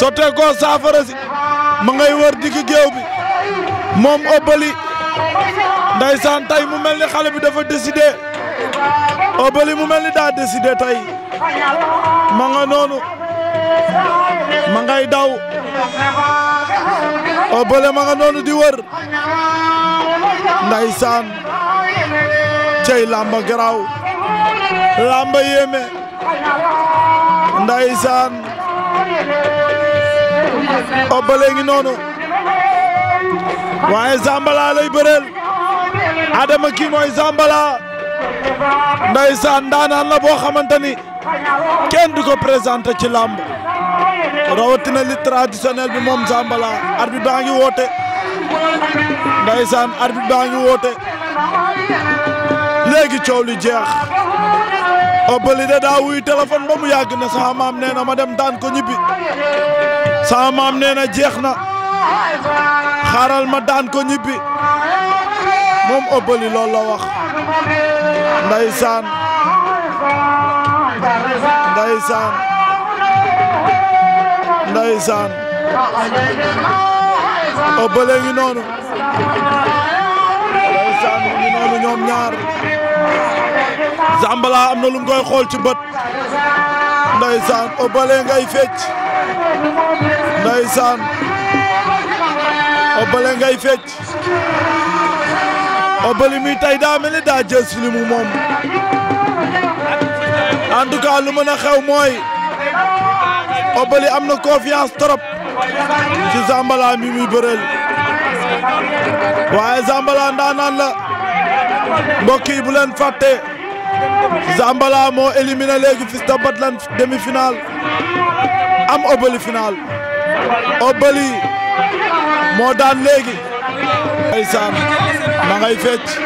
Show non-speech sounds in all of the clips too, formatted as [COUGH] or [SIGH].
sotte ko saafara si ma ngay wër digg géew bi moom Obeuly ndaysaan tey mu mel ni xale bi dafa décidé Obeuly mu mel ni daa décidé tey ma noonu ma daw Obeuly ma noonu di wër ndaysaan cey lamba garaaw lamba yéeme ndaysaan Obeuly ngi noonu waaye Zambala lay bëreel Adama kii mooy Zambala ndeysaan ndaanaan la boo xamante ni kenn du ko présenté ci làmb rawatina li traditionnel bi moom Zambala arbitre baa ngi woote ndeysaan arbitre baa ngi woote léegi coow li jeex Obeuly oh, da daa wuy téléphone ba mu yàgg na sama maam nee na ma dem daan ko ñibbi sama maam nee na jeex na xaaral ma daan ko ñibbi moom Obeuly oh, loolu la wax ndeysaan ndeysaan ndeysaan Obeuly oh, ngi noonu ndeysaan ngi noonu ñoom ñaar Zambala am na lu ngoy xool ci bët ndeysaan Obale ngay fecc ndeysaan Obale ngay fecc Obali mi tey daa mel ni daa mu moom en tout lu mën a xew mooy Obali am na confiance trop ci Zambala mi muy bëreel waaye Zambala mbokk yi bu leen fàtte Zambala moo éliminé léegi Fils de Batlan demi-finale am Obali finale Obali moo daan léegi ndeysaan ma ngay fecc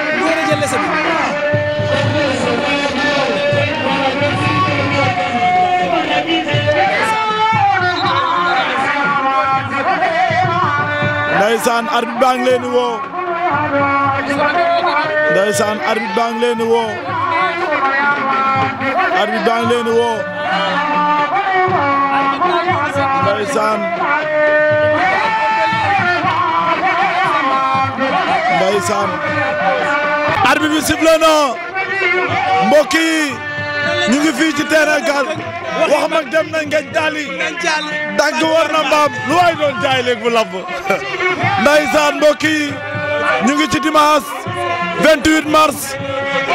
ndeysaan woo ndeysaan arbitre baa ngi leen woo arbitre baa ngi leen woo ndeysaan ndeysaan arbitre bi sifflé na mbokk ñu ngi fii ci terrain gal wax mag dem na ngeen jaali dagg war na mbaam lu waay doon jaay léegi bu lamb ndeysaan mbokk yi ñu ngi ci dimanche 28 mars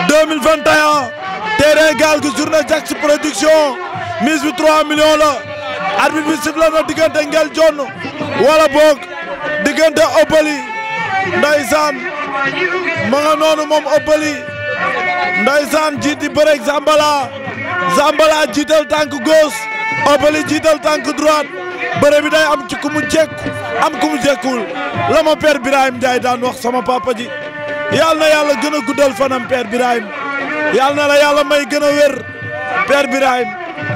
2021 terrain Gaal gui journée Diaks production mise bi 3 millions la arbitre bi sifflé na diggante Ngel Jon wala boog diggante Obeuli ndeysaan ma nga noonu moom Obeuli ndeysaan jiiti bëreg Zambala Zambala jiital tànk gauche Obeuli jiital tànk droite bëre bi day am ci ku jekku am ku mu jekkul la ma père Birahim Ndiaye daan wax sama papa ji yàlla na yàlla gën a guddal fanam père Birahim yàlla na la yàlla may gën a wér père Birahim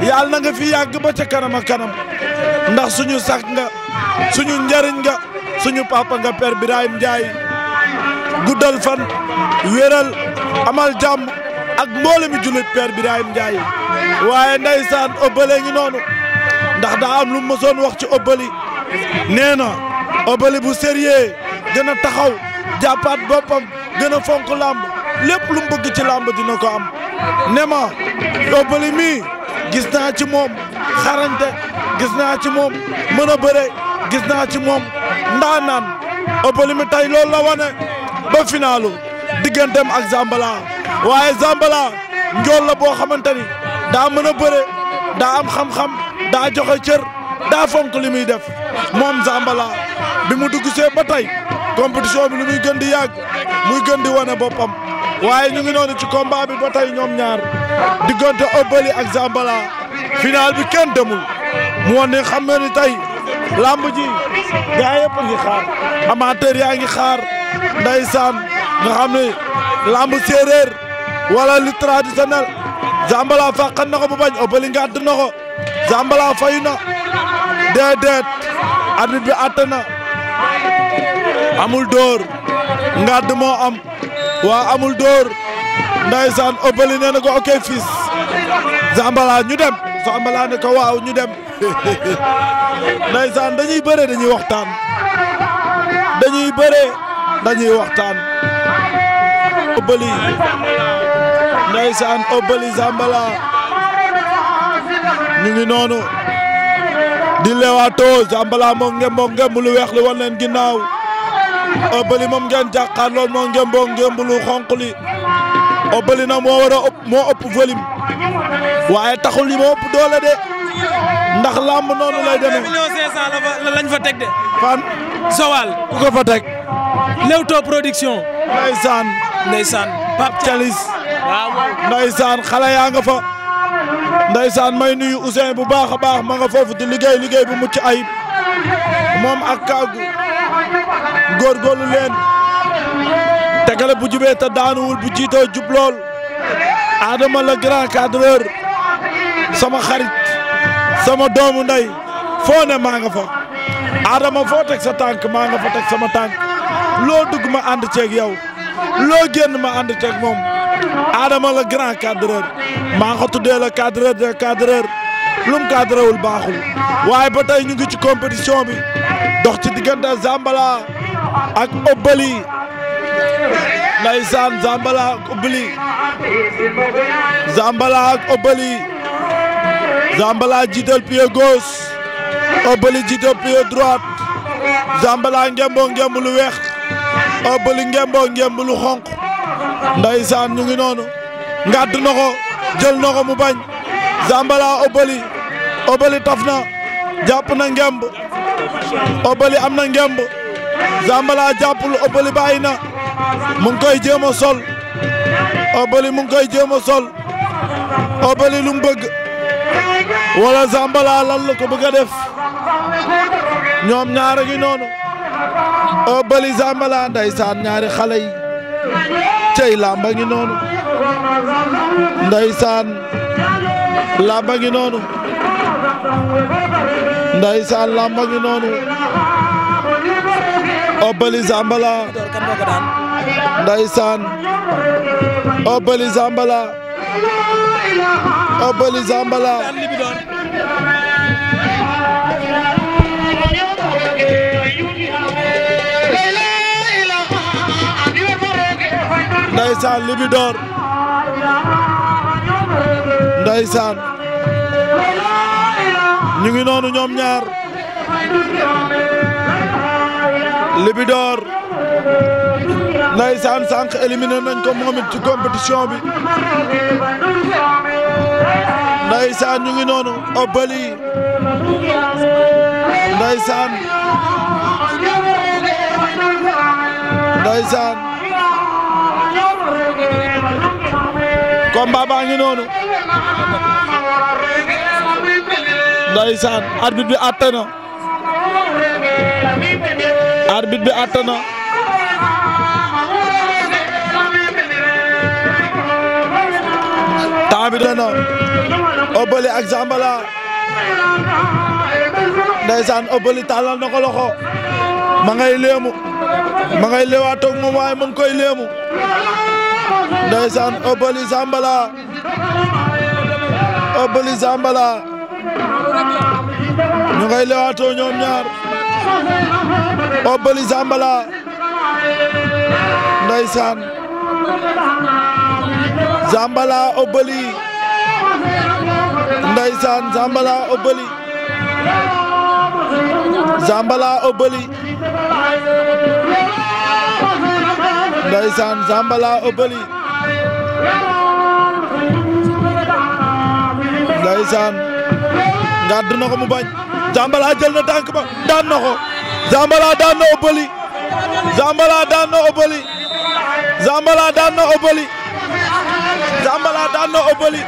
yàlla na nga fi yàgg ba ca kanama ak kanam ndax suñu sak nga suñu njariñ nga suñu papa nga père Birahim Ndiaye guddal fan wéral amal jàmm ak mboolemi jullit père Birahim Ndiaye waaye ndeysaan ëbbale ngi noonu ndax daa am lu mësoon wax ci Obeuly nee na bu sérieux gën a taxaw jàppaat boppam gën a fonk làmb lépp lu mu ci làmb dina ko am ne ma mii gis naa ci moom xarañte gis naa ci moom mën a bëre gis naa ci moom ndaanaan Obeuly mi tey loolu la wane ba finaalu digganteem ak Zambala waaye Zambala njool la boo xamante ni daa mën a bëre daa am xam-xam daa joxe cër daa fonk li muy def moom Zambala bi mu dugg see ba tey compétition bi li muy gën di yàgg muy gën di wane boppam waaye ñu ngi noonu ci combat bi ba tey ñoom ñaar diggante Obeuly ak Zambala final bi kenn demul mu wane xam ne ni tey làmb ji gaa yëpp ngi xaar amateur yaa ngi xaar ndeysaan nga xam ne làmb séeréer wala li traditionnel Zambala fàqan na ko bu bañ Obeuly ngàdd na ko Zambala fayu na déedéet arbitre bi àtte na amul dóor ngadd moo am waa amul dóor ndaysaan ëppali nee na ko ok fils Zambala ñu dem Zambala ne ko waaw ñu dem [LAUGHS] ndaysaan dañuy bëre dañuy waxtaan dañuy bëre dañuy waxtaan ëppali ndaysaan ëppali Zambala ñu ngi noonu di lewaatoo Zambala moom ngeen moom lu weex li wan leen ginnaaw Obeuli moom ngeen jàkkaarlool moom ngeen moom lu xonq li Obeuli na moo war a ëpp moo ëpp volume waaye taxul li moo ëpp doole de ndax làmb noonu lay demee. million fa teg de. fan. Sowal ku ko fa teg. Leewtoo production. Ndeysaan. Ndeysaan Pape Thialis. waaw Ndeysaan xale yaa nga fa. ndaysaan may nuyu Ousseyn bu baax a baax ma nga foofu di liggéey liggéey bu mucc ayib moom ak kàggu góorgóorlu leen tegale bu jubee te daanuwul bu jiitoo jub lool Adama le grand cadreur sama xarit sama doomu ndey foo ne maa nga fa Adama foo teg sa tànk maa nga fa teg sama tànk loo dugg ma ànd ceeg yow loo génn ma ànd ceeg moom Adama la grand cadreur maa ko cadreur de cadreur lum cadrewul baaxul waaye ba ñu ngi ci compétition bi dox ci diggante Zambala ak Obali ndeysaan Zambala ak Obali Zambala jiital pied gauche Obali jiital pied droite Zambala ngembo ngemb weex Obali ngembo ngemb xonq ndeysaan ñu ngi noonu ngàdd na ko jël na ko mu bañ Zambala Obali Obali taf na jàpp na ngemb Obali am na ngemb Zambala jàppul Obali bàyyi na mu ngi koy jéem a sol Obali mu ngi koy jéem a sol Obali lu mu bëgg wala Zambala la ko bëgg a def ñoom ñaar a ngi noonu Obali Zambala ndeysaan ñaari xale cey làmba ngi noonu ndeysaan làmba ngi noonu ndeysaan làmba ngi noonu Obeuly Zambala ndeysaan Obeuly Zambala Obeuly Zambala Ndeysaan Libidor Ndeysaan ñu ngi noonu ñoom ñaar Libidor Ndeysaan sànq éliminé nañ ko moom it ci compétition bi Ndeysaan ñu ngi noonu Obali Ndeysaan Ndeysaan baa ngi noonu ndeysaan arbitre bi àtte na arbitre bi àtte na temps ak Zambala ndeysaan Obeuli tàllal na ko ma ngay léemu ma ngay léewaatoog moom waaye ma ngi koy léemu ndeysaan Obeuli ak Beuli Zambala ñu ngay lewaatoo ñoom ñaar ak Beuli Zambala ndeysaan ndeysaan ngàdd na ko mu bañ Zambala jël na tànk ba daan na ko Zambala daan na Obeuly Zambala daan na Obeuly Zambala daan na Obeuly Zambala daan na Obeuly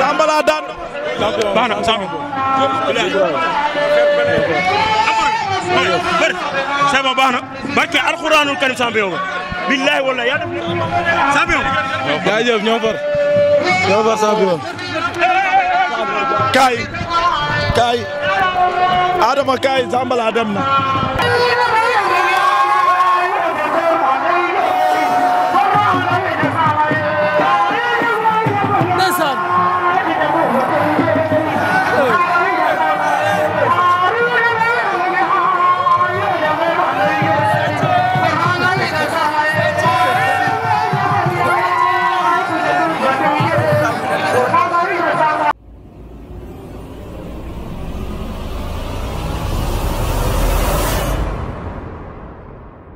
Zambala daan na baax na sànq bëri c'est bon baax na barke alxuraanul karim champion billaahi wallaahi yaa def champion jaajëf ñoo far yow ba champion kaay kaay Adama kaay Zambala dem na